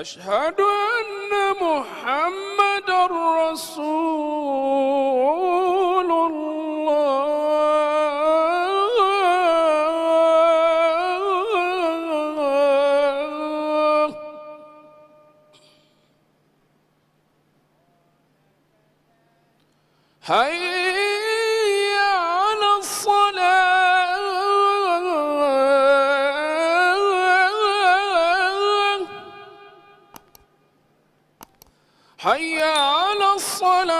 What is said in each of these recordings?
أشهد أن محمد رسول الله هيا حي على الصلاه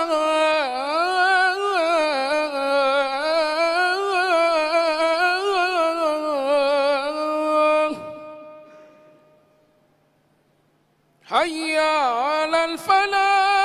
حي على الفلاح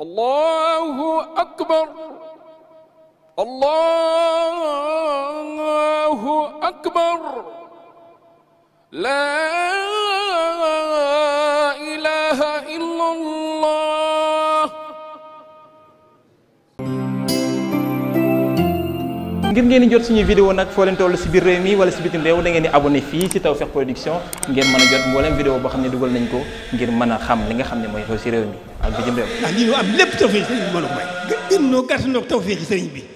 الله أكبر الله أكبر لا إله إلا الله ngir ngeen di jot suñu vidéo nag foo leen toll si biir réew mi wala si bitim réew da ngeen di abonné fii si Tawfekh Production ngeen mën a jot mboolem vidéo boo xam ne dugal nañ ko ngir mën a xam li nga xam ne mooy xew si réew mi ak bi jëm réew. waaw am lépp tawfeex sëriñ bi moo la ko may. gën noo gàtt noo tawfeex sëriñ bi.